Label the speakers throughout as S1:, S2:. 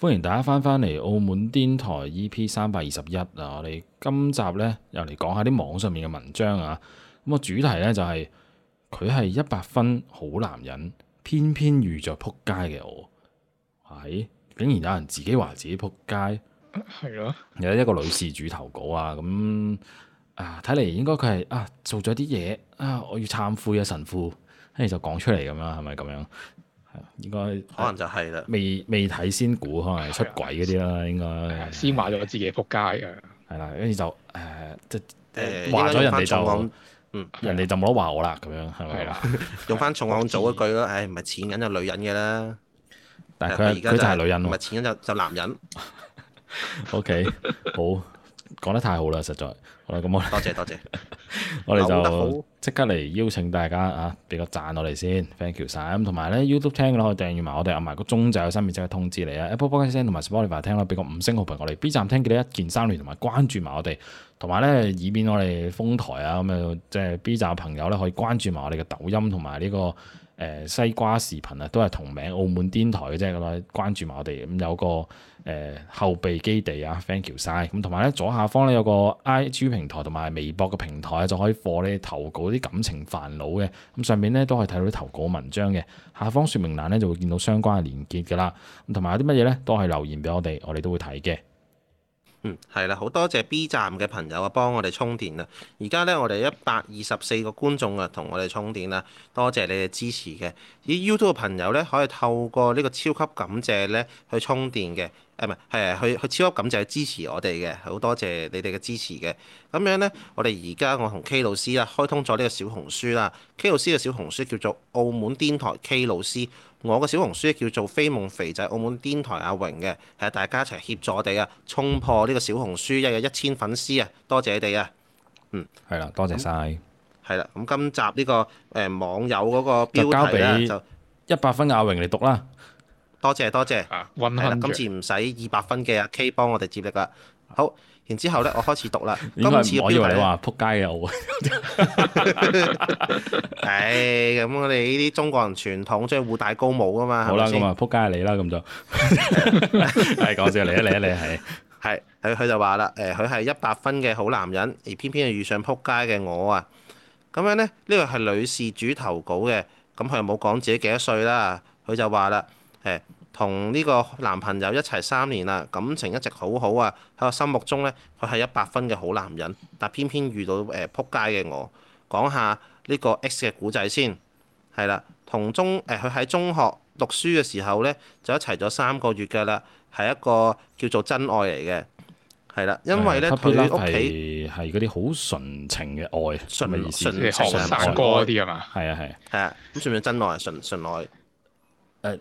S1: 歡迎大家翻返嚟《澳門癲台 E.P. 三百二十一》啊！我哋今集呢，又嚟講下啲網上面嘅文章啊！咁個主題呢、就係，就係佢係一百分好男人，偏偏遇着撲街嘅我，係、哎、竟然有人自己話自己撲街，
S2: 係咯
S1: 的？有一個女事主投稿啊，咁睇嚟應該佢係啊做咗啲嘢啊，我要懺悔啊神父，跟住就講出嚟咁樣，係咪咁樣？係應該可能就係啦，未未睇先估，可能係出軌嗰啲啦，應該先話咗我自己仆街啊，係啦，跟住就誒，即誒，話咗人哋就，嗯，人哋就冇得話我啦，咁樣係咪啦？
S3: 用翻重案組一句咯，唉，唔係錢緊就女人嘅啦，
S1: 但係佢佢就係女人，唔係
S3: 錢緊就就男人。
S1: O K，好，講得太好啦，實在。咁我多謝多
S3: 謝，謝謝 我哋就
S1: 即刻嚟邀請大家啊，俾個贊我哋先，Thank you 曬咁，同埋咧 YouTube 聽嘅可以訂閱埋我哋，壓埋個鐘仔有新片，即刻通知你啊！Apple Podcast 同埋 Spotify 聽咧俾個五星好評我哋，B 站聽記得一鍵三連同埋關注埋我哋，同埋咧以免我哋封台啊咁啊，即係 B 站嘅朋友咧可以關注埋我哋嘅抖音同埋呢個。誒西瓜視頻啊，都係同名澳門癲台嘅啫，咁啊關注埋我哋咁有個誒、呃、後備基地啊，thank you 曬咁，同埋咧左下方咧有個 IG 平台同埋微博嘅平台，就可以放你投稿啲感情煩惱嘅，咁上面咧都係睇到啲投稿文章嘅，下方說明欄咧就會見到相關嘅連結噶啦，咁同埋有啲乜嘢咧都係留言俾我哋，我哋都會睇嘅。
S3: 嗯，係啦，好多謝 B 站嘅朋友啊，幫我哋充電啊！而家咧，我哋一百二十四個觀眾啊，同我哋充電啦，多謝你哋支持嘅。以 YouTube 嘅朋友咧，可以透過呢個超級感謝咧去充電嘅，誒唔係，係啊，去去超級感謝支持我哋嘅，好多謝你哋嘅支持嘅。咁樣咧，我哋而家我同 K 老師啦，開通咗呢個小紅書啦，K 老師嘅小紅書叫做澳門癲台 K 老師。我個小紅書叫做飛夢肥仔澳門癲台阿榮嘅，係大家一齊協助我哋啊，衝破呢個小紅書一日一千粉絲啊！多謝你哋啊，嗯，
S1: 係啦，多謝晒、嗯！
S3: 係啦、嗯，咁今集呢、這個誒、呃、網友嗰個標題、啊、就交俾一
S1: 百分阿榮嚟讀啦，
S3: 多謝多謝，係啦，今次唔使二百分嘅阿 K 幫我哋接力啦，好。然之後咧，我開始讀啦。今次我以為你話撲街啊！唉，咁我哋呢啲中國人傳統即係互戴高帽啊嘛。好啦，咁啊
S1: 撲街係你啦，咁就
S3: 係講笑嚟啊嚟啊嚟啊！係係佢佢就話啦，誒佢係一百分嘅好男人，而偏偏係遇上撲街嘅我啊。咁樣咧，呢個係女事主投稿嘅，咁佢又冇講自己幾多歲啦，佢就話啦，誒。同呢個男朋友一齊三年啦，感情一直好好啊！喺我心目中呢，佢係一百分嘅好男人，但偏偏遇到誒撲街嘅我。講下呢個 X 嘅古仔先，係啦，同中誒佢喺中學讀書嘅時候呢，就一齊咗三個月噶啦，係一個叫做真愛嚟嘅，係啦，因為呢，佢屋企
S1: 係嗰啲好純情嘅愛，純情山歌嗰啲係嘛？係啊係啊，
S3: 係啊，咁算唔算真愛啊？純純愛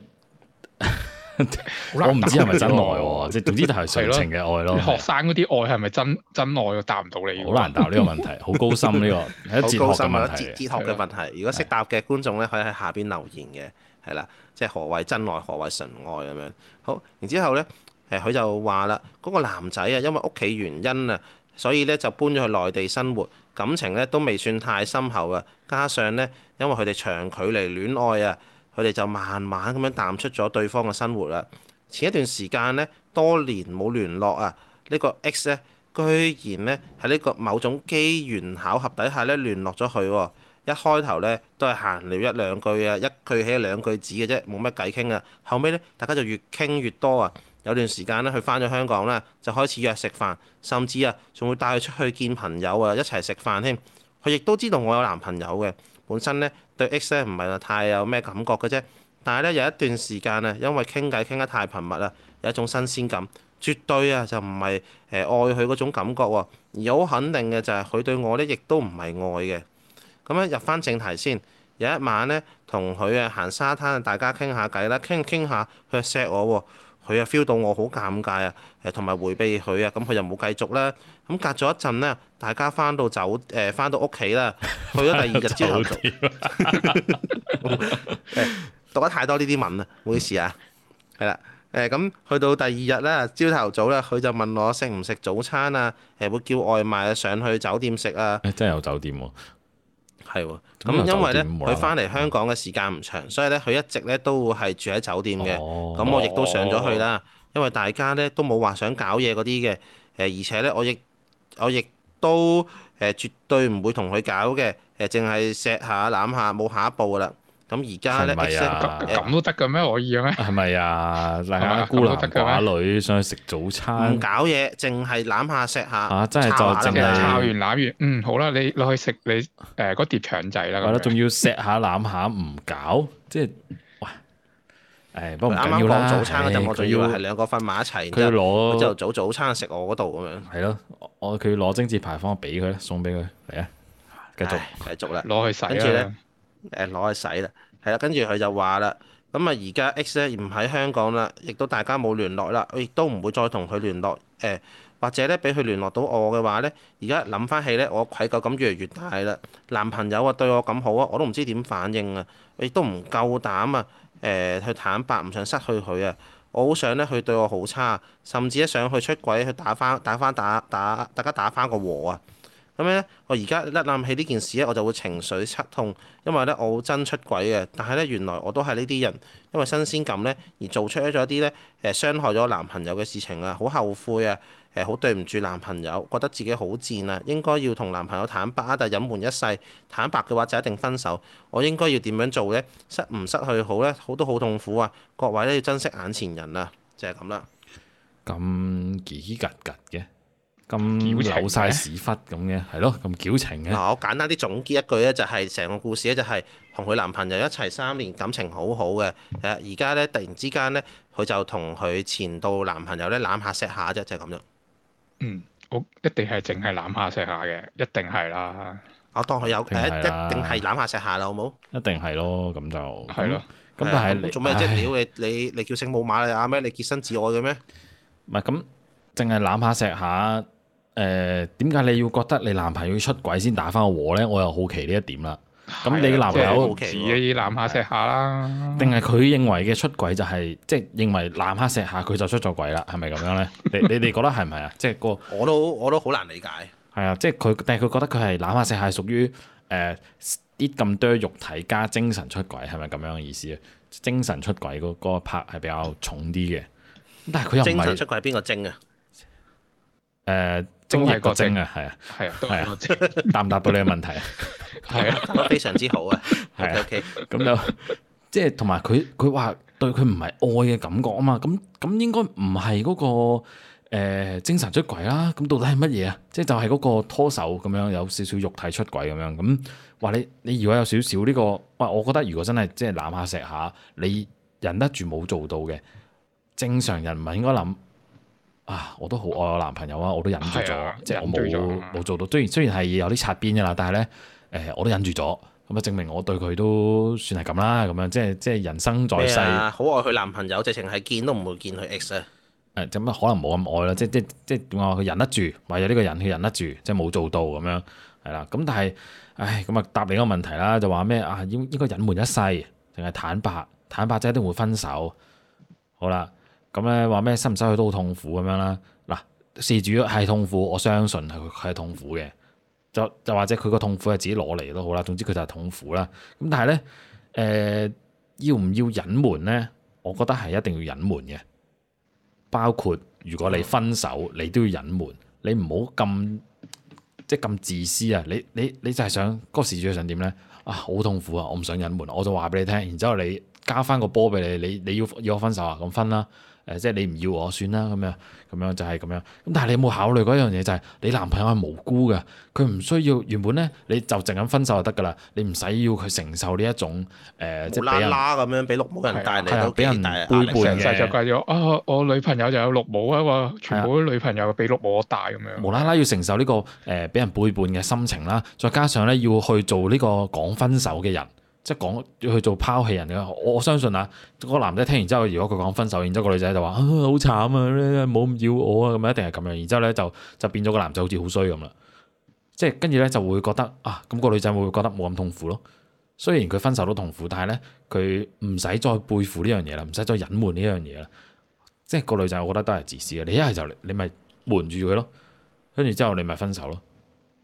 S3: 我
S1: 唔知係咪真愛喎，即係 總之就係純情嘅愛咯。學
S2: 生嗰啲愛係咪真真愛？我答唔到你。
S1: 好難答呢個問題，好 高深呢個。好高深啊，哲哲學嘅
S3: 問題。問題了如果識答嘅觀眾咧，可以喺下邊留言嘅，係啦，即係何謂真愛，何謂純愛咁樣。好，然之後咧，誒，佢就話啦，嗰個男仔啊，因為屋企原因啊，所以咧就搬咗去內地生活，感情咧都未算太深厚啊。加上咧，因為佢哋長距離戀愛啊。佢哋就慢慢咁樣淡出咗對方嘅生活啦。前一段時間呢，多年冇聯絡啊，呢個 X 呢，居然呢喺呢個某種機緣巧合底下呢聯絡咗佢喎。一開頭呢，都係閒聊一兩句啊，一句起兩句止嘅啫，冇乜偈傾啊。後尾呢，大家就越傾越多啊。有段時間呢，佢翻咗香港啦，就開始約食飯，甚至啊，仲會帶佢出去見朋友啊，一齊食飯添啊。佢亦都知道我有男朋友嘅。本身咧對 X 咧唔係話太有咩感覺嘅啫，但係咧有一段時間啊，因為傾偈傾得太頻密啦，有一種新鮮感，絕對啊就唔係誒愛佢嗰種感覺喎，而好肯定嘅就係佢對我咧亦都唔係愛嘅。咁樣入翻正題先，有一晚咧同佢啊行沙灘，大家傾下偈啦，傾傾下佢錫我喎。佢又 feel 到我好尷尬啊，誒同埋迴避佢啊，咁佢就冇繼續啦。咁隔咗一陣咧，大家翻到酒誒翻到屋企啦，去咗第二日朝頭早。 讀得太多呢啲文啦，唔好意思啊。係啦，誒、呃、咁去到第二日咧，朝頭早咧，佢就問我食唔食早餐啊？誒、呃、會叫外賣啊，上去酒店食啊、欸？真係有酒店喎、啊。係喎，咁、嗯、因為咧，佢翻嚟香港嘅時間唔長，嗯、所以咧，佢一直咧都會係住喺酒店嘅。咁、哦、我亦都上咗去啦，哦、因為大家咧都冇話想搞嘢嗰啲嘅。誒，而且咧，我亦我亦都誒、呃，絕對唔會同佢搞嘅。誒、呃，淨係錫下攬下，冇下、下一步噶啦。咁而家咧，
S1: 咁咁都得嘅咩？可以嘅咩？係咪啊？係咪孤男寡女上去食早餐？唔搞
S3: 嘢，淨係攬下錫下嚇，真係就淨係摺
S1: 完攬
S2: 完。嗯，好啦，你攞去食你誒嗰碟腸仔啦。覺得仲
S1: 要錫下攬下，唔搞即係喂誒。不過啱啱講早餐嗰陣，我仲以為係兩個瞓埋一齊，佢要攞之後
S3: 早早餐食我嗰度咁樣。係
S1: 咯，我佢攞精緻牌坊俾佢咧，送俾佢嚟啊，繼續繼
S3: 續啦，攞去洗跟住咧。誒攞去使啦，係啦，跟住佢就話啦，咁啊而家 X 咧唔喺香港啦，亦都大家冇聯絡啦，亦都唔會再同佢聯絡誒、呃，或者咧俾佢聯絡到我嘅話咧，而家諗翻起咧，我愧疚感越嚟越大啦，男朋友啊對我咁好啊，我都唔知點反應啊，亦都唔夠膽啊誒去坦白，唔想失去佢啊，我好想咧佢對我好差，甚至一想出軌去出軌，佢打翻打翻打打大家打翻個和啊！咁樣咧，我而家一諗起呢件事咧，我就會情緒七痛，因為咧我好憎出軌嘅。但係咧，原來我都係呢啲人，因為新鮮感咧而做出咗一啲咧誒傷害咗男朋友嘅事情啊，好後悔啊，誒好對唔住男朋友，覺得自己好賤啊，應該要同男朋友坦白，但係隱瞞一世。坦白嘅話就一定分手。我應該要點樣做咧？失唔失去好咧？好多好痛苦啊！各位咧要珍惜眼前人啊！就係咁啦。
S1: 咁奇奇怪嘅。咁扭晒屎忽咁嘅，係咯，咁矯情嘅。嗱，
S3: 我簡單啲總結一句咧，就係成個故事咧，就係同佢男朋友一齊三年，感情好好嘅。誒，而家咧突然之間咧，佢就同佢前度男朋友咧攬下錫下啫，就係咁樣。嗯，
S1: 我
S3: 一定係淨係攬下錫下嘅，一定係啦。我當佢有一定係攬下錫下啦，好冇？
S1: 一定係咯，咁就係咯。咁都係你做咩，即係撩
S3: 你，你叫聖母瑪利亞啊？咩？你潔身自愛嘅咩？
S1: 唔係咁，淨係攬下錫下。誒，點解、呃、你要覺得你男朋友要出軌先打翻個鑊咧？我又好奇呢一點啦。咁、啊、你男朋友好奇、啊，攬下錫下啦。定係佢認為嘅出軌就係、是，即、就、係、是、認為攬下錫下佢就出咗軌啦，係咪咁樣咧？ 你你哋覺得係唔係啊？即、就、係、是、那個
S3: 我都我都好難理解。
S1: 係啊，即係佢，但係佢覺得佢係攬下錫下屬於誒啲咁多肉體加精神出軌，係咪咁樣嘅意思啊？精神出軌嗰嗰個拍係比較重啲嘅。
S3: 但係佢又唔係精神出軌係邊個精啊？誒、呃。
S1: 呃精係國精，國精啊，係啊，係啊，係啊，答唔答到你嘅問題啊？
S3: 係啊，非常之好啊。O K，
S1: 咁就即係同埋佢，佢、就、話、是、對佢唔係愛嘅感覺啊嘛。咁咁應該唔係嗰個誒、呃、精神出軌啦、啊。咁到底係乜嘢啊？即係就係、是、嗰個拖手咁樣，有少少肉體出軌咁樣。咁話你你如果有少少呢、這個，哇、呃！我覺得如果真係即係攬下石下，你忍得住冇做到嘅，正常人唔係應該諗。啊！我都好愛我男朋友啊，我都忍住咗，啊、即係我冇冇做到，雖然雖然係有啲擦邊嘅啦，但係咧誒，我都忍住咗，咁啊證明我對佢都算係咁啦，咁樣即係即係人生在世，
S3: 好、啊、愛佢男朋友，直情係見都唔會見佢 x 啊！誒、
S1: 啊，咁可能冇咁愛啦，即係即係即係點講？佢忍得住，為有呢個人佢忍得住，即係冇做到咁樣，係啦。咁但係，唉，咁啊答你個問題啦，就話咩啊？應應該隱瞞一世，定係坦白，坦白即係一定會分手。好啦。好。咁咧話咩？失唔失去都好痛苦咁樣啦。嗱，事主係痛苦，我相信係係痛苦嘅。就就或者佢個痛苦係自己攞嚟都好啦。總之佢就係痛苦啦。咁但係咧，誒、呃、要唔要隱瞞咧？我覺得係一定要隱瞞嘅。包括如果你分手，你都要隱瞞。你唔好咁即係咁自私、那個、啊！你你你就係想嗰事主想點咧？啊好痛苦啊！我唔想隱瞞，我就話俾你聽。然之後你加翻個波俾你，你你，你要要我分手啊？咁分啦。誒即係你唔要我算啦，咁樣咁樣就係咁樣。咁但係你有冇考慮嗰一樣嘢就係、是、你男朋友係無辜嘅，佢唔需要。原本咧你就淨咁分手就得㗎啦，你唔使要去承受呢一種
S3: 誒 無啦啦咁樣俾綠帽人帶嚟，俾人背叛啊！叛啊，我女朋
S1: 友就有綠帽啊嘛，全部女朋友俾綠帽我帶咁樣，啊，無啦啦要承受呢個誒俾人背叛嘅心情啦，再加上咧要去做呢個講分手嘅人。即係講要去做拋棄人嘅，我相信啊，個男仔聽完之後，如果佢講分手，然之後個女仔就話、啊：好慘啊，冇咁要，要我啊，咁一定係咁樣，樣。然之後咧就就變咗個男仔好似好衰咁啦。即係跟住咧就會覺得啊，咁、個女仔會覺得冇咁痛苦咯。雖然佢分手都痛苦，但係咧佢唔使再背負呢樣嘢啦，唔使再隱瞞呢樣嘢啦。即係個女仔，我覺得都係自私嘅。你一係就你咪瞞住佢咯，跟住之後你咪分手咯。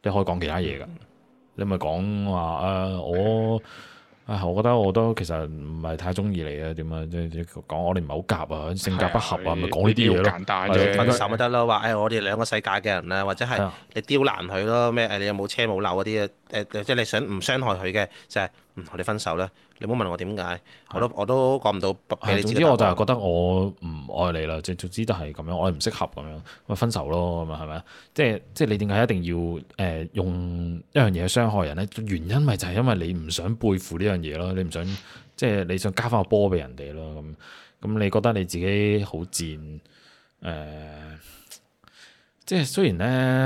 S1: 你可以講其他嘢㗎，你咪講話誒我。啊啊我啊、哎！我覺得我都其實唔係太中意你嘅點啊，即係講我哋唔係好夾啊，性格不合啊，咪講呢啲嘢咯，簡單啊、分手咪
S3: 得咯。話誒，我哋兩個世界嘅人咧，或者係你刁難佢咯，咩誒？你有冇車冇樓嗰啲誒？誒即係你想唔傷害佢嘅就係、是。嗯、我哋分手啦，你唔好問我點解的，我都我都講唔到俾你。總之我就係覺得我
S1: 唔愛你啦，即係總之就係咁樣，我哋唔適合咁樣，我分手咯，咁啊係咪啊？即係即係你點解一定要誒、呃、用一樣嘢傷害人咧？原因咪就係因為你唔想背負呢樣嘢咯，你唔想即係你想加翻個波俾人哋咯，咁咁你覺得你自己好賤誒、呃？即係雖然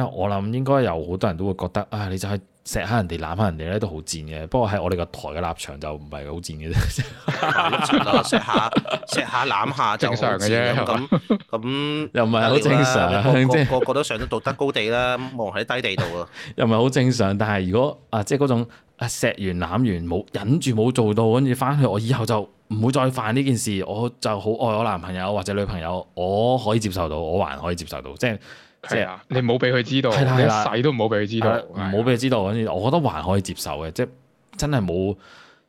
S1: 咧，我諗應該有好多人都會覺得啊、哎，你就係、是。錫下人哋攬下人哋咧，都好賤嘅，不過喺我哋個台嘅立場就唔係好賤
S3: 嘅啫。 下錫下攬下，下就正常嘅啫。咁咁樣 又唔係好正常。個、啊、個都上得道德高地啦，望喺 低地度啊。
S1: 又唔係好正常，但係如果啊，即係嗰種啊錫完攬完冇忍住冇做到，跟住翻去我以後就唔會再犯呢件事。我就好愛我男朋友或者女朋友，我可以接受到，我還可以接受到，即係。係啊，Es 即你唔好俾佢知道，一世都唔好俾佢知道，唔好俾佢知道。反正 我覺得還可以接受嘅，即係真係冇，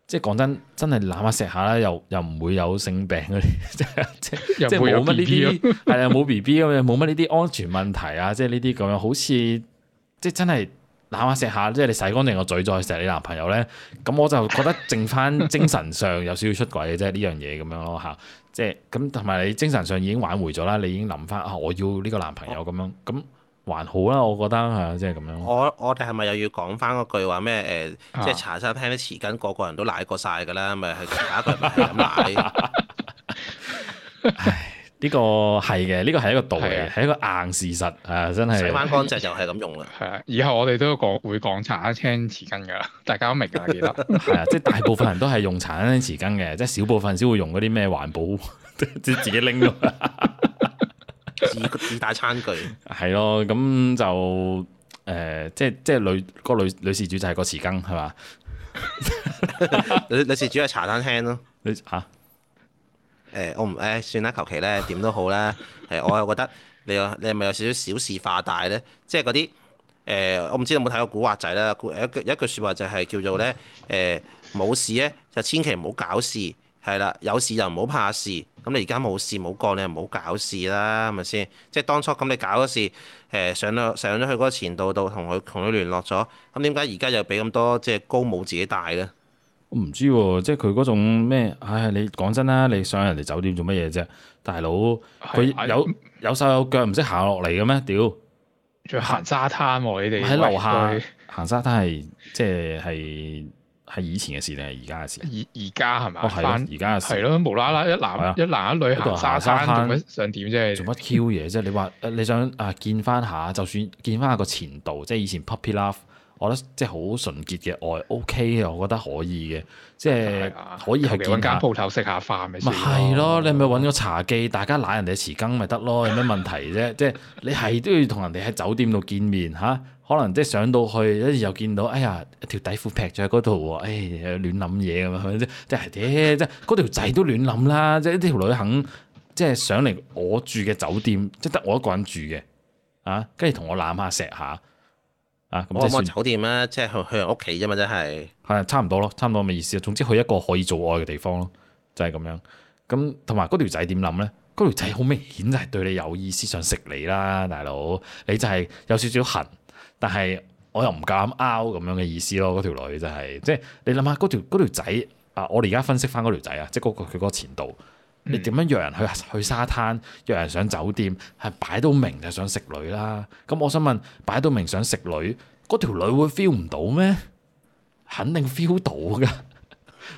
S1: 即係講真，真係舐下食下啦，又又唔會有性病嗰啲，即係即係即係冇乜呢啲，係啊冇 B B 咁樣，冇乜呢啲安全問題啊，即係呢啲咁樣，好似即係真係舐下食下，即係你洗乾淨個嘴再食你男朋友咧，咁我就覺得淨翻精神上有少少出軌嘅即啫，呢樣嘢咁樣咯吓。即係咁，同埋你精神上已經挽回咗啦，你已經諗翻啊，我要呢個男朋友咁、哦、樣，咁還好啦，我覺得係、嗯，即係咁樣。
S3: 我我哋係咪又要講翻嗰句話咩？誒、呃，即係茶餐廳啲匙羹個個人都舐過晒㗎啦，咪係下一個唔係咁舐。
S1: 呢個係嘅，呢、這個係一個道理，嘅的，係一個硬事實啊！真係洗翻乾淨就
S3: 係咁用啦。係啊，
S1: 以後我哋
S2: 都講會講茶餐廳匙羹噶啦，大家都明㗎，記得係啊！即 係、就
S1: 是、大部分人都係用茶餐廳匙羹嘅，即係少部分先會用嗰啲咩環保即 自己拎拿嘅
S3: 自自帶餐具。
S1: 係咯，咁就誒、呃，即係
S3: 即係女個女女，女事主就係個匙羹係嘛？ 女女事主係茶餐廳、啊、咯，你、啊誒我唔誒算啦，求其咧點都好啦。誒我又覺得你啊，你係咪有少少小事化大咧？即係嗰啲誒，我唔知你有冇睇過古惑仔啦。一句一句説話就係叫做咧，誒冇事咧就千祈唔好搞事，係啦，有事就唔好怕事。咁你而家冇事冇幹，你又唔好搞事啦，係咪先？即係當初咁你搞嗰事誒，上到上咗去嗰前度度同佢同佢聯絡咗，咁點解而家又俾咁多即係高帽自己戴咧？
S1: 我唔知喎，即係佢嗰種咩？唉，你講真啦，你上人哋酒店做乜嘢啫？大佬佢有有手有腳唔識行落嚟嘅咩？屌，仲行沙灘喎，啊！你哋喺樓下行沙灘係即係係係以前嘅事定係而家嘅事？而而家係咪？哦，而家嘅
S2: 事係咯，無啦啦一男、啊、一男一女喺度行沙灘，做乜
S1: 想點啫？做乜 Q 嘢啫？你話你想啊見翻下，就算見翻下個前度，即係以前 puppy love。我覺得即係好純潔嘅愛，OK 嘅，我覺得可以嘅，即係可以係揾間鋪頭食下飯咪先咯。咪係咯，你係咪揾個茶記，大家攬人哋嘅匙羹咪得咯，有咩問題啫？即係你係都要同人哋喺酒店度見面嚇，可能即係上到去，跟住又見到，哎呀，條底褲劈咗喺嗰度喎，誒，亂諗嘢咁樣即係，即係，即係嗰條仔都亂諗啦，即係呢條女肯即係上嚟我住嘅酒店，即係得我一個人住嘅啊，跟住同我攬下錫下。啊，酒
S3: 店啦，即係去去屋企啫嘛，真係。
S1: 係差唔多咯，差唔多咁嘅意思。總之去一個可以做愛嘅地方咯，就係咁樣。咁同埋嗰條仔點諗咧？嗰條仔好明顯就係對你有意思，想食你啦，大佬。你就係有少少痕，但係我又唔敢拗咁樣嘅意思咯。嗰條女就係，即係你諗下嗰條條仔啊！我哋而家分析翻嗰條仔啊，即係嗰個佢嗰個前度。你點樣約人去去沙灘？約人上酒店，係擺到明就想食女啦。咁我想問，擺到明想食女，嗰條女會 feel 唔到咩？肯定 feel 到㗎，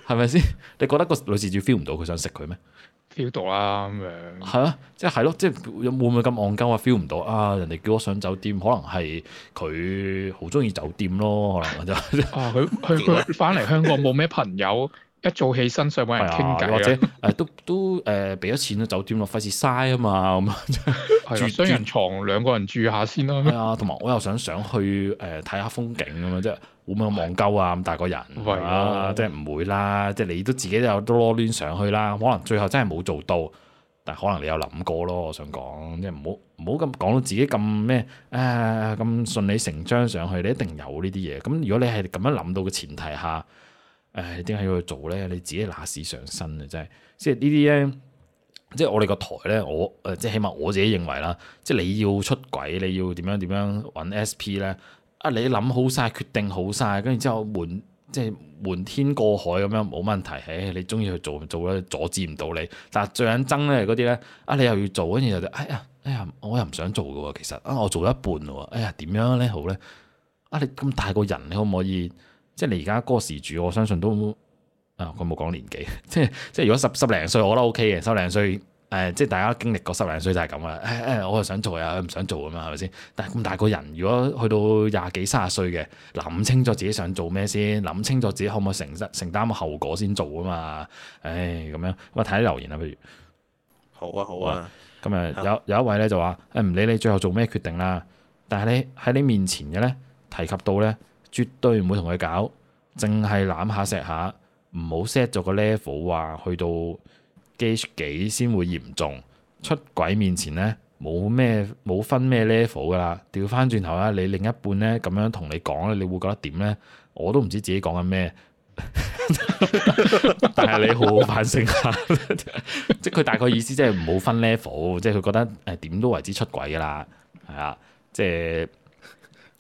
S1: 係咪先？你覺得個女士主 feel 唔到佢想食佢咩？feel 到啦咁樣。係、嗯、啊，即係係咯，即係、啊、會唔會咁戇鳩啊？feel 唔到啊？人哋叫我上酒店，可能係佢好中意酒店咯，可能就啊，佢佢佢翻嚟香港冇咩朋友。一早起身想揾人傾偈、啊、 或者誒都都誒俾咗錢啊酒店咯，費事嘥啊嘛咁啊，住住 床，兩個人住下先咯。係啊，同埋我又想上去誒睇下風景咁樣啫，會唔會有望鳩啊咁大個人？係 啊，即係唔會啦，即係你都自己都有多攣上去啦。可能最後真係冇做到，但係可能你有諗過咯。我想講，即係唔好唔好咁講到自己咁咩誒咁順理成章上去，你一定有呢啲嘢。咁如果你係咁樣諗到嘅前提下。誒點解要去做咧？你自己拿屎上身啊！真係，即係呢啲咧，即係我哋個台咧，我誒即係起碼我自己認為啦，即係你要出軌，你要點樣點樣揾 SP 咧？啊，你諗好晒，決定好晒，跟住之後瞞即係瞞天過海咁樣冇問題。誒、哎，你中意去做就做啦，阻止唔到你。但係最緊憎咧嗰啲咧，啊你又要做，跟住就哎呀哎呀，我又唔想做嘅喎，其實啊我做咗一半喎，哎呀點樣咧好咧？啊你咁大個人，你可唔可以？即係你而家個稿主，我相信都啊，佢冇講年紀。 即係即係，如果十十零歲，歲，我都 OK 嘅。十零歲，誒，即係大家經歷過十零歲就係咁啦。誒誒，我又想做啊，唔想做咁、啊、嘛，係咪先？但係咁大個人，如果去到廿幾、卅歲嘅，諗清楚自己想做咩先，諗清楚自己可唔可以承，承擔承擔個後果先做啊嘛。誒，咁樣咁啊睇啲留言啊，不如好啊好啊，咁啊、嗯、有有一位咧就話誒唔理你最後做咩決定啦，但係你喺你面前嘅咧提及到咧。絕對唔會同佢搞，淨係攬下錫下，唔好 set 咗個 level 話去到幾先會嚴重出軌面前呢，冇咩冇分咩 level 噶啦。調翻轉頭啦，你另一半呢，咁樣同你講咧，你會覺得點呢？我都唔知自己講緊咩， 但係你好好反省下， 即係佢大概意思即係唔好分 level，即係佢覺得誒點都為之出軌噶啦，係啊，即係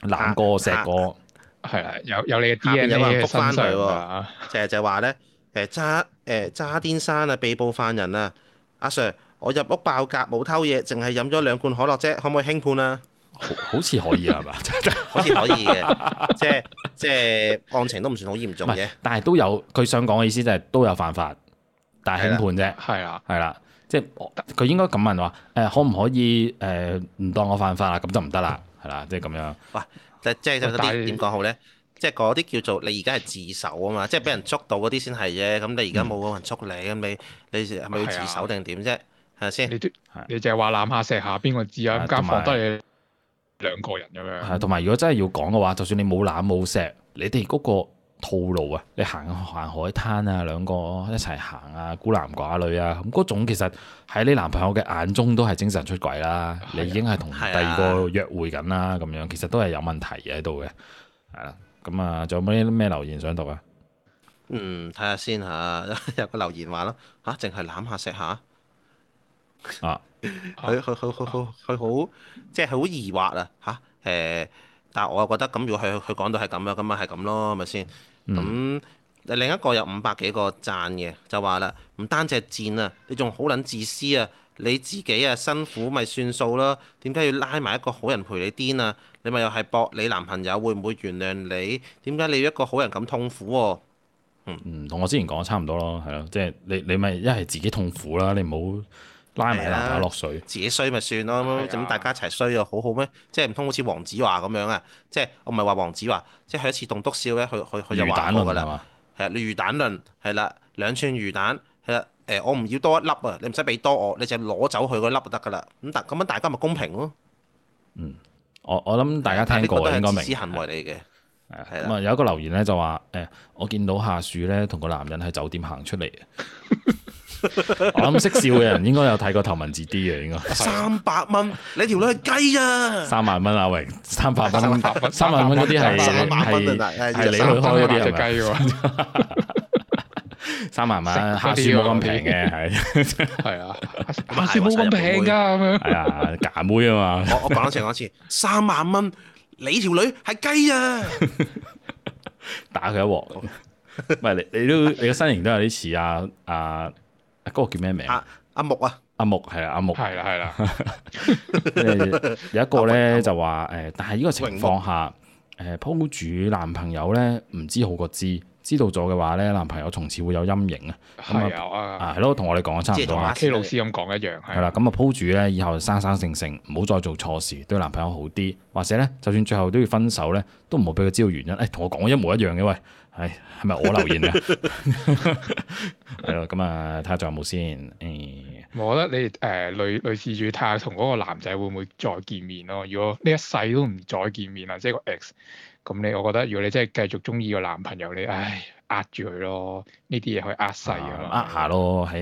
S1: 攬過錫過。係啦， 有有你嘅 DNA 喺嘅身上，
S3: 就就話咧，誒揸誒揸啲山啊，被捕犯人啊，阿 Sir，我入屋爆格冇偷嘢，淨係飲咗兩罐可樂啫，可唔可以輕判啊？好似可以係嘛？好似可以嘅，即即、 係係、案情都唔算好嚴重嘅，
S1: 但係都有佢想講嘅意思，就係都有犯法，但係輕判啫，係啦的，係啦的，即佢、係、應該咁問話，誒可唔可以誒唔、呃、當我犯法啊？咁就唔得啦，係啦，即、係、咁、是、樣。
S3: 即係啲點講好咧？是即係嗰啲叫做你而家係自首啊嘛！即係俾人捉到嗰啲先係啫。咁你而家冇人捉、嗯、你，咁你你係咪要自首定點啫？係咪先？的你的你淨係話攬下錫，下，邊個知啊？咁間放低兩個人咁樣。係
S1: 同埋如果真係要講嘅話，就算你冇攬冇錫，你哋嗰、嗰個，套路啊！你行行海灘啊，兩個一齊行啊，孤男寡女啊，咁嗰種其實喺你男朋友嘅眼中都係精神出軌啦、啊。啊、你已經係同第二個約會緊啦、啊，咁樣其實都係有問題嘅喺度嘅。係啦，咁啊，仲、啊、有冇啲咩留言想讀啊？嗯，
S3: 睇下先吓。有個留言話咯，吓，淨係攬下食下。啊！佢佢佢佢佢好，即係好疑惑啊！吓、啊，誒、欸，但係我又覺得咁，如果佢佢講到係咁啊，咁咪係咁咯，咪、嗯、先？咁，嗯，另一個有五百幾個讚嘅，就話啦，唔單隻賤啊，你仲好撚自私啊，你自己啊辛苦咪算數咯，點解要拉埋一個好人陪你癲啊？你咪又係博你男朋友會唔會原諒你？點解你一個好人咁痛苦喎？嗯
S1: 嗯，同我之前講差唔多咯，係咯，即係你你咪一係自己痛苦啦，你唔好。拉埋佢落水，
S3: 自己衰咪算咯，咁、哎、呀大家一齊衰又好好咩？即係唔通好似黃子華咁樣啊？即係我唔係話黃子華，即係一次棟篤笑咧，佢佢佢就魚蛋咯㗎啦，係啊，魚蛋論係啦，兩串魚蛋，其實誒我唔要多一粒啊，你唔使俾多我，你就攞走佢嗰粒就得㗎啦。咁但，咁樣大家咪公平咯。嗯，
S1: 我我諗大家聽過應該明。係啊，
S3: 咁啊有
S1: 一個留言咧就話誒，我見到下樹咧同個男人喺酒店行出嚟。
S3: 我諗識笑嘅人
S1: 應該有睇過頭文字 D 嘅，應該三
S3: 百蚊，你條女係雞啊！
S1: 三萬蚊阿榮，三百蚊，三百蚊，三萬蚊嗰啲係係係你去開嗰啲係雞？三萬蚊，下雪冇咁平嘅係
S3: 係啊，下雪冇咁平噶，係
S1: 啊假妹啊嘛！我我講一次講一次，
S3: 三萬蚊，你條女係雞啊！
S1: 打佢一鑊，唔係你你都你個身形都有啲似啊啊！嗰個叫咩名啊？阿木啊，阿木係啦，阿木係啦係啦。 有一個咧就話誒，但係呢個情況下，誒 po 主男朋友咧唔知好過知，知道咗嘅話咧，男朋友從此會有陰影的就啊。係啊，係咯，同我哋講嘅差唔多啊。K 老
S2: 師咁講一樣係。
S1: 係啦，咁啊 po 主咧，以後生生性性，唔好再做錯事，對男朋友好啲。或者咧，就算最後都要分手咧，都唔好俾佢知道原因。誒，同我講嘅一模一樣嘅喂。係係咪我留言啊？係咯， 咁啊睇下仲有冇先。誒、嗯，
S2: 我覺得你誒、呃，類類似住睇下同嗰個男仔會唔會再見面咯？如果呢一世都唔再見面啦，即、就、係、是、個 X，咁你我覺得如果你真係繼續中意個男朋友，你唉，壓住佢咯，呢啲嘢可以壓細，
S1: 壓、啊、下咯。唉、哎，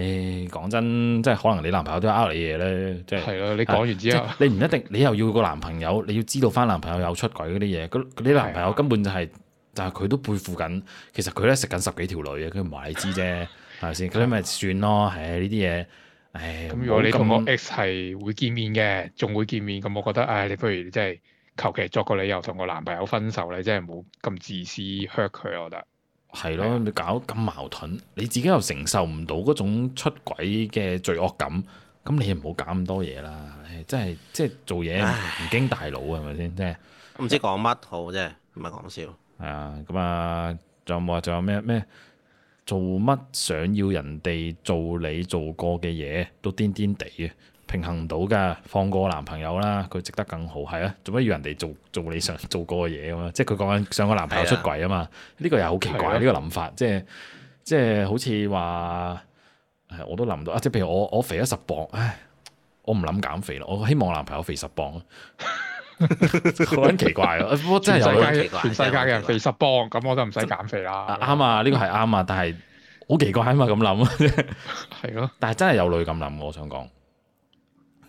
S1: 講真，即係可能你男朋友都呃你嘢咧，即係係咯。你講完之後，啊、你唔一定，你又要個男朋友，你要知道翻男朋友有出軌嗰啲嘢，咁你男朋友根本就係。但係佢都背負緊，其實佢咧食緊十幾條女嘅，佢唔話你知啫，係咪先？咁你咪算咯，唉呢啲嘢，唉。咁如果你同我 x 係會見面
S2: 嘅，仲會見面，咁我覺得，唉，你不如即係求其作個理由同個男朋友分手咧，即係
S1: 唔好咁自私 hurt 佢，我覺得。係咯，你搞咁矛盾，你自己又承受唔到嗰種出軌嘅罪惡感，咁你唔好搞咁多嘢啦。真係即係做嘢唔經大腦係咪先？真
S3: 係唔知講乜好，真係唔係講笑。
S1: 係啊，咁啊，仲有冇啊？仲有咩咩？做乜想要人哋做你做過嘅嘢都癲癲地嘅，平衡唔到噶。放過我男朋友啦，佢值得更好係啊。做乜要人哋做做你想做過嘅嘢咁啊？即係佢講緊上個男朋友出軌啊嘛。呢、啊、個又好奇怪，呢、啊、個諗法，啊、即係即係好似話，我都諗唔到啊。即係譬如我我肥咗十磅，唉，我唔諗減肥咯，我希望我男朋友肥十磅。
S3: 好鬼 奇怪咯！哇， 真係全世界嘅人
S1: 肥十磅，咁真 我都唔使減肥啦。啱啊，呢個係啱啊，但係是好 奇怪啊嘛，咁諗啊，係咯。但係真係有女咁諗，我想講，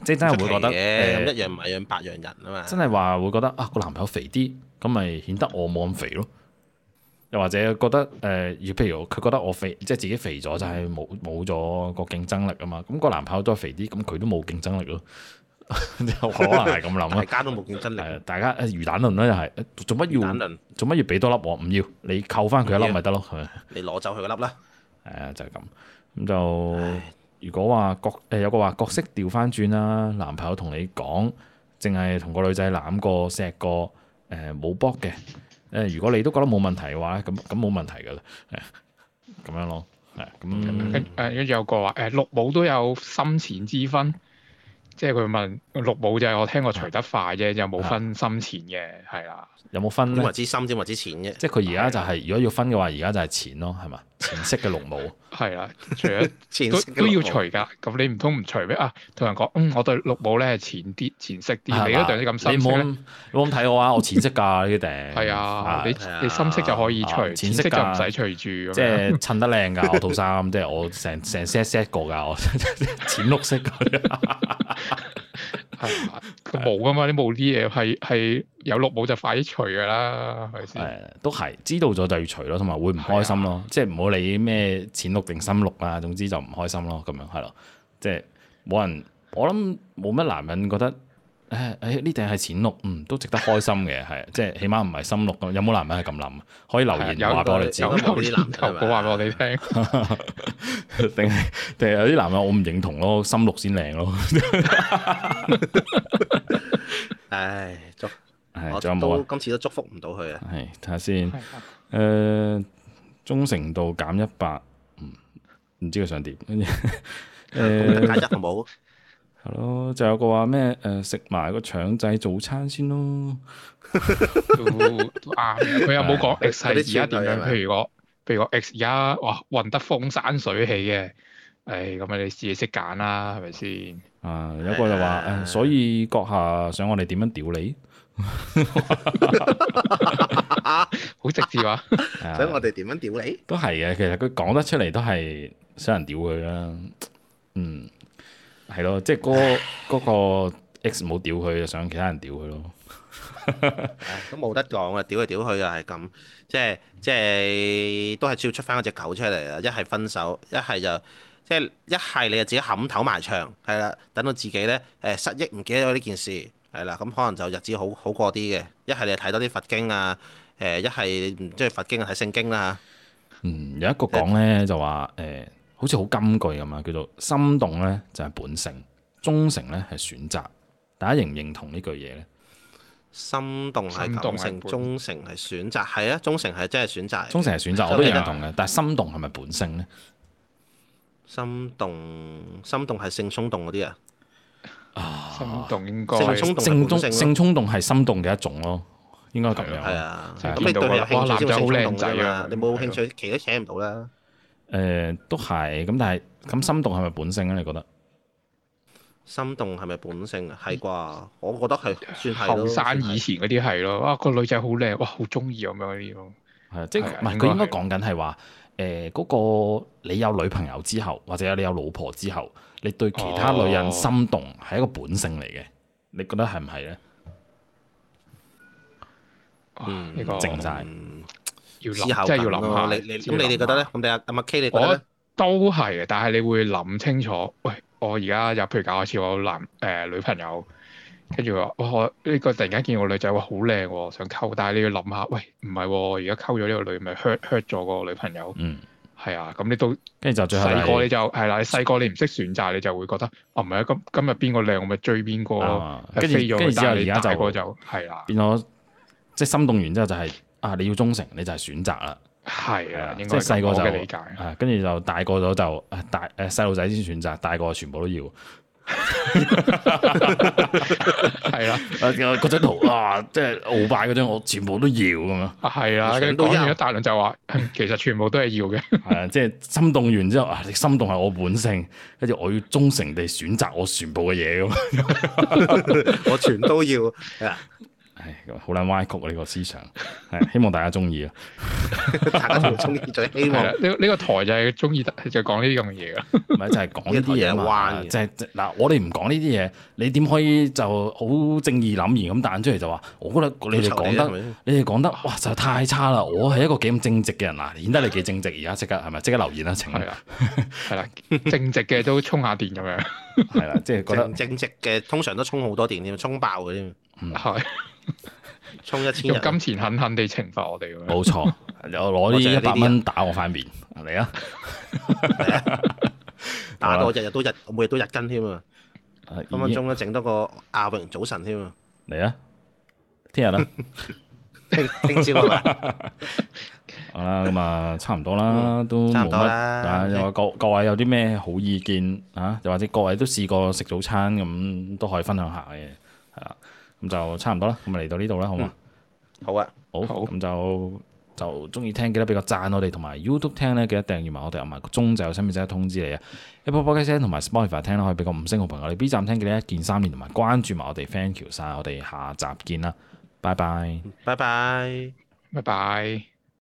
S1: 即係的真係會覺得，的欸、樣一樣唔係
S3: 一樣，百樣人啊嘛。真係
S1: 話會覺得啊，個男朋友肥啲，咁咪顯得我冇咁肥咯。又或者覺得誒、呃，譬如佢覺得我肥，即係自己肥咗，就係冇冇咗個競爭力啊嘛。咁個男朋友都係肥啲，咁佢都冇競爭力咯。可能係咁諗，大家
S3: 都冇見真。係，
S1: 大家誒魚蛋論咧就係，做乜要魚蛋論？做乜要俾多粒我？唔要，你扣翻佢一粒咪得咯，係咪 ？
S3: 你攞走佢一粒啦。係就係咁。
S1: 咁就唉如果話角誒有個話角色調翻轉啦，男朋友同你講，淨係同個女仔攬過、錫過，誒冇搏嘅，誒、呃、如果你都覺得冇問題嘅話咧，咁咁冇問題噶啦，咁、欸、樣咯，係咁跟
S2: 住有個話，誒綠帽，都有深淺之分。即係佢問綠帽就係我聽過除得快啫，就冇分深淺嘅，係啦。有冇分？或者深
S1: 或者淺嘅？即係佢而家就係，如果要分嘅話，而家就係淺咯，係嘛？淺色嘅綠帽。係啦，除咗都都要除㗎。咁你唔通唔除咩啊？同人講，嗯，我對綠帽咧係淺啲、淺色啲。你嗰對咁深色你冇咁睇我啊？我淺色㗎呢對。係啊，你你深色就可以除，淺色就唔使除住。即係襯得靚㗎，我套衫，即係我成成 set set 個㗎，我淺綠色。
S2: 係佢冇㗎嘛，你冇啲嘢係係有綠冇就快啲除噶啦，係咪
S1: 先？誒的，都係的知道咗就要除咯，同埋會唔開心咯，的即係唔好理咩淺綠定深綠啊，總之就唔開心咯，咁樣係咯，即係冇人，我諗冇乜男人覺得。誒誒，呢頂係淺綠，嗯，都值得開心嘅，係，即係起碼唔係深綠咁。有冇男人係咁諗？可以留言又話俾我哋知。有有啲男人，我話俾我哋聽，定係定係有啲男人我唔認同咯，深綠先靚咯。
S3: 唉，祝我仲有冇都今次都祝福唔到佢啊。係
S1: 睇下先，誒，忠誠度減一百，唔唔知佢想點？誒，品質好冇？係咯，就 有個話咩誒食埋個腸仔早餐先咯，
S2: 都佢又冇講 X 而家點樣。譬 如我，譬如我 X 而家哇混得風生水起嘅，誒咁啊你自己識揀啦，係咪先？
S1: 啊，有個就話、 啊，所以閣下想我哋點樣屌你？好 直接至 啊！想我
S3: 哋點樣屌你？
S1: 都係嘅，其實佢講得出嚟都係想人屌佢啦，嗯。係咯，即係嗰嗰個 X 冇屌佢，想其他人屌佢咯，
S3: 咁冇得講啊！屌就屌佢啊，係咁，即係即係都係照要出翻嗰隻狗出嚟啊！一係分手，一係就即係一係你就自己冚頭埋牆，係啦，等到自己呢誒、哎、失憶唔記得咗呢件事，係啦，咁可能就日子好好過啲嘅。就一係你睇多啲佛經，不不佛經，經啊，誒一係唔中意佛經啊，睇聖經啦，嗯，有
S1: 一個講呢，就話誒。欸好似好金句咁啊，叫做心動咧，就係本性，忠誠咧係選擇，大家認唔認同呢句嘢
S3: 咧？心動係感性，忠誠係選擇，係啊，忠誠係真係選擇，忠誠係選擇，我都認同嘅。
S1: 但係心動係咪本性咧？
S3: 心動，心動係性衝動嗰啲啊？啊，心動應該性衝動，性
S1: 衝動係心動嘅一種咯，應該咁樣。係啊，咁你對佢有興趣先性衝動噶嘛？你
S3: 冇興趣，其都請唔到啦。
S1: 誒、呃，都係，咁但係，咁心動係咪本性咧？你覺得
S3: 心動係咪本性啊？係啩？欸、我覺得係年輕 算係後生以前嗰
S1: 啲係咯，哇，個女仔好靚，哇，好中意咁樣嗰啲咯。係確，即係唔係？佢應該講緊係話，誒、呃，嗰，那個你有女朋友之後，或者你有老婆之後，你對其他女人心動係一個本性嚟嘅。哦、你覺得係唔係咧？哇、嗯！呢個正晒。嗯要
S3: 諗，真係要諗下。你你咁你哋覺得咧？咁第阿 K 你
S2: 覺得我都係嘅，但係你會諗清楚。喂，我而家又譬如搞一次，我男誒女朋友，跟住話我呢個突然間見我女仔話好靚，想溝，但係你要諗下，喂唔係，而家溝咗呢個女咪 hurt hurt 咗個女朋友。嗯，係啊，咁你都
S1: 跟住就最後細個你就
S2: 係啦，你細個你唔識選擇，你就會覺得哦唔係啊，今日邊個靚我咪追邊個咯。跟住跟住之後你家仔就係啦，
S1: 變咗即係心動完之後就係。啊！你要忠誠，你就係選擇啦。
S2: 係啊，應該細個就嘅理解。啊，
S1: 跟住就大個咗就大誒，細路仔先選擇，大個全部都要。係 啦，嗰張圖啊，即係奧拜嗰、那、張、個，我全部都要噶嘛。係啊，都一樣大量就話，其實全部都係要嘅。係 啊，即、就、係、是、心動完之後啊，你心動係我本性，跟住我要忠誠地選擇我全部嘅嘢噶嘛，我全都要啊。Tá? 好、這個、難歪曲啊，呢個思想，係希望大家中意
S3: 啊。 大家中意 最希望呢
S1: 呢、這個台就係中意就講呢啲咁嘅嘢嘅，咪 就係講呢啲嘢即就係、是、嗱、就是， 我哋唔講呢啲嘢，你點可以就好正義凜然咁彈出嚟就話？我覺得你哋講得， 你哋講得，哇！實在太差啦！我係一個幾咁正直嘅人嗱、啊，顯得你幾正直，而家即刻係咪？即刻留言啦！請係啦的， 正直嘅都充下電咁樣，係 啦，即、就、係、是、覺得正，正直嘅通常都充
S2: 好
S3: 多電添，充爆啲？唔係、嗯。 充一千，用金錢狠狠地懲罰我哋錯，冇錯，又攞啲一百蚊
S1: 打我塊面嚟啊！
S3: 打到我日日都日，每日都日更添啊！分分鐘都整多個阿榮早晨添啊！
S1: 嚟 啊！聽日啦，
S3: 聽朝啦！ 好
S1: 啦，咁啊，差唔多啦，都差唔多啦。但係各各位有啲咩好意見啊？又或者各位都試過食早餐咁，都可以分享下嘅。咁就差唔多啦，咁啊嚟到呢度啦，好嘛、嗯？
S3: 好啊，
S1: 好，咁好就就鍾意聽記得俾個讚我哋，同埋 YouTube 聽咧記得訂閱埋我哋，同埋個鐘就有新面得通知你啊、嗯、！Apple Podcast 同埋 Spotify 聽啦，可以俾個五星好朋友你 B 站聽記得一鍵三連，同埋關注埋我哋、嗯、Thank you。晒，我哋下集見啦，拜拜，
S3: 拜拜，拜
S2: 拜。